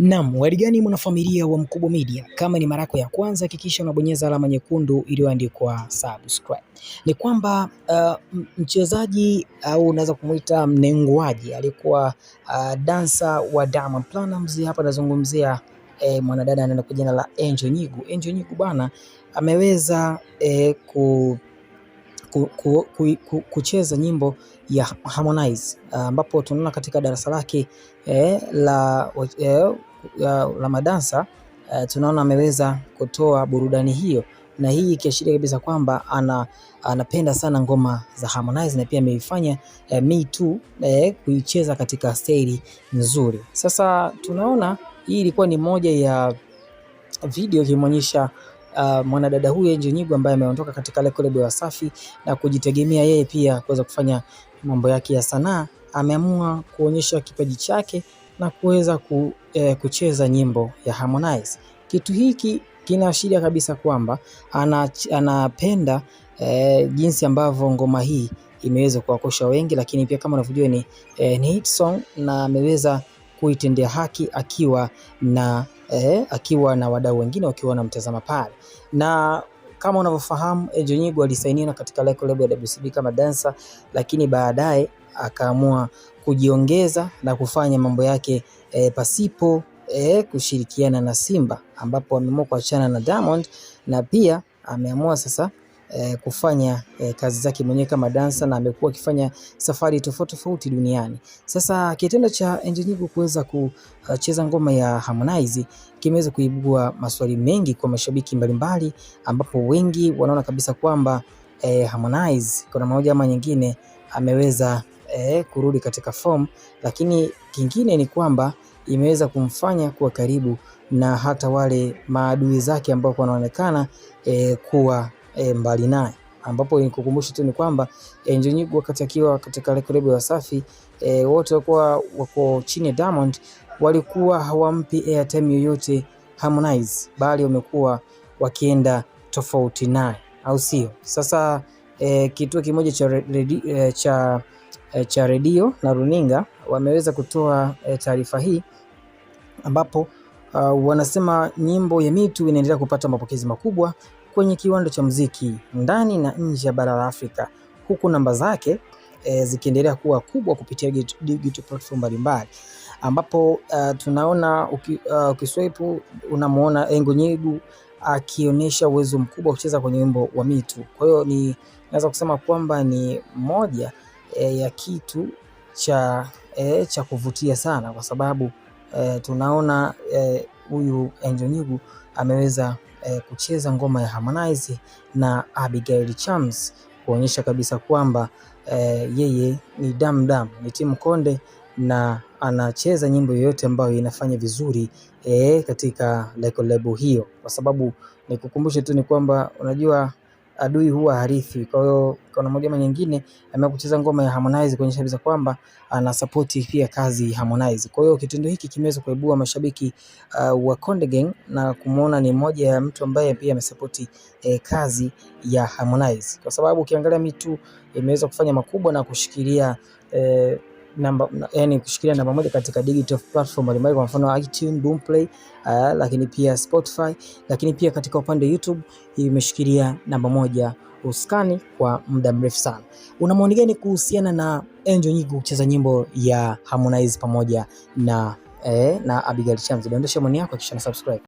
Naam, habari gani mwanafamilia wa Mkubwa Media? Kama ni mara yako ya kwanza hakikisha unabonyeza alama nyekundu iliyoandikwa subscribe. Ni kwamba uh, mchezaji au uh, unaweza kumwita mnenguaji alikuwa uh, dansa wa Diamond Platnumz, hapa anazungumzia eh, mwanadada anaenda kwa jina la Angel Nyigu. Angel Nyigu bana ameweza eh, ku Ku, ku, ku, kucheza nyimbo ya Harmonize uh, ambapo uh, tunaona katika darasa lake eh, la eh, la, la madansa uh, tunaona ameweza kutoa burudani hiyo, na hii ikiashiria kabisa kwamba ana anapenda sana ngoma za Harmonize na pia ameifanya uh, Me Too uh, kuicheza katika staili nzuri. Sasa tunaona hii ilikuwa ni moja ya video ikimwonyesha uh, mwanadada huyu Angel Nyigo ambaye ameondoka katika ile kolebo ya Wasafi na kujitegemea yeye pia kuweza kufanya mambo yake ya sanaa. Ameamua kuonyesha kipaji chake na kuweza ku, e, kucheza nyimbo ya Harmonize. Kitu hiki kinaashiria kabisa kwamba anapenda e, jinsi ambavyo ngoma hii imeweza kuwakosha wengi, lakini pia kama unavyojua ni, e, ni hit song na ameweza kuitendea haki akiwa na e, akiwa na wadau wengine wakiwa wanamtazama pale na kama unavyofahamu Ejo alisainiwa katika record label ya WCB kama dancer, lakini baadaye akaamua kujiongeza na kufanya mambo yake e, pasipo e, kushirikiana na Simba, ambapo ameamua kuachana na Diamond na pia ameamua sasa e, kufanya e, kazi zake mwenyewe kama dansa na amekuwa akifanya safari tofauti tofauti duniani. Sasa kitendo cha Enjenigu kuweza kucheza ngoma ya Harmonize kimeweza kuibua maswali mengi kwa mashabiki mbalimbali, ambapo wengi wanaona kabisa kwamba e, Harmonize kuna moja ama nyingine ameweza eh, kurudi katika form, lakini kingine ni kwamba imeweza kumfanya kuwa karibu na hata wale maadui zake ambao wanaonekana eh, kuwa eh, mbali naye, ambapo nikukumbusha tu ni kwamba eh, Njonyigu wakati akiwa katika rekodi ya safi e, eh, wote walikuwa wako chini ya Diamond walikuwa hawampi airtime yoyote Harmonize, bali wamekuwa wakienda tofauti naye, au sio? Sasa e, kituo kimoja cha redio, e, eh, cha, e, cha redio na runinga wameweza kutoa e, taarifa hii ambapo uh, wanasema nyimbo ya mitu inaendelea kupata mapokezi makubwa kwenye kiwanda cha muziki ndani na nje ya bara la Afrika, huku namba zake e, zikiendelea kuwa kubwa kupitia digital platform mbalimbali ambapo uh, tunaona uki, uh, ukiswipe unamuona Engo Nyegu akionyesha uwezo mkubwa wa kucheza kwenye wimbo wa mitu. Kwa hiyo ni naweza kusema kwamba ni moja e, ya kitu cha e, cha kuvutia sana kwa sababu e, tunaona huyu e, Angel ameweza e, kucheza ngoma ya Harmonize na Abigail Chams kuonyesha kabisa kwamba e, yeye ni damdam ni timu konde na anacheza nyimbo yoyote ambayo inafanya vizuri e, katika record label hiyo, kwa sababu nikukumbushe tu ni kwamba unajua adui huwa harithi. Kwa hiyo kuna namna moja nyingine, ameamua kucheza ngoma ya Harmonize kuonyesha kabisa kwamba ana support pia kazi Harmonize. Kwa hiyo kitendo hiki kimeweza kuibua mashabiki uh, wa Konde Gang na kumuona ni moja ya mtu ambaye pia amesupport eh, kazi ya Harmonize, kwa sababu ukiangalia mitu imeweza kufanya makubwa na kushikilia eh, namba yani kushikilia namba moja katika digital platform mbalimbali, kwa mfano iTunes, Boomplay, uh, lakini pia Spotify, lakini pia katika upande YouTube imeshikilia namba moja uskani kwa muda mrefu sana. Una maoni gani kuhusiana na Angel Nyingi kucheza nyimbo ya Harmonize pamoja na eh, na Abigail Chams? Dondosha maoni yako kisha na subscribe.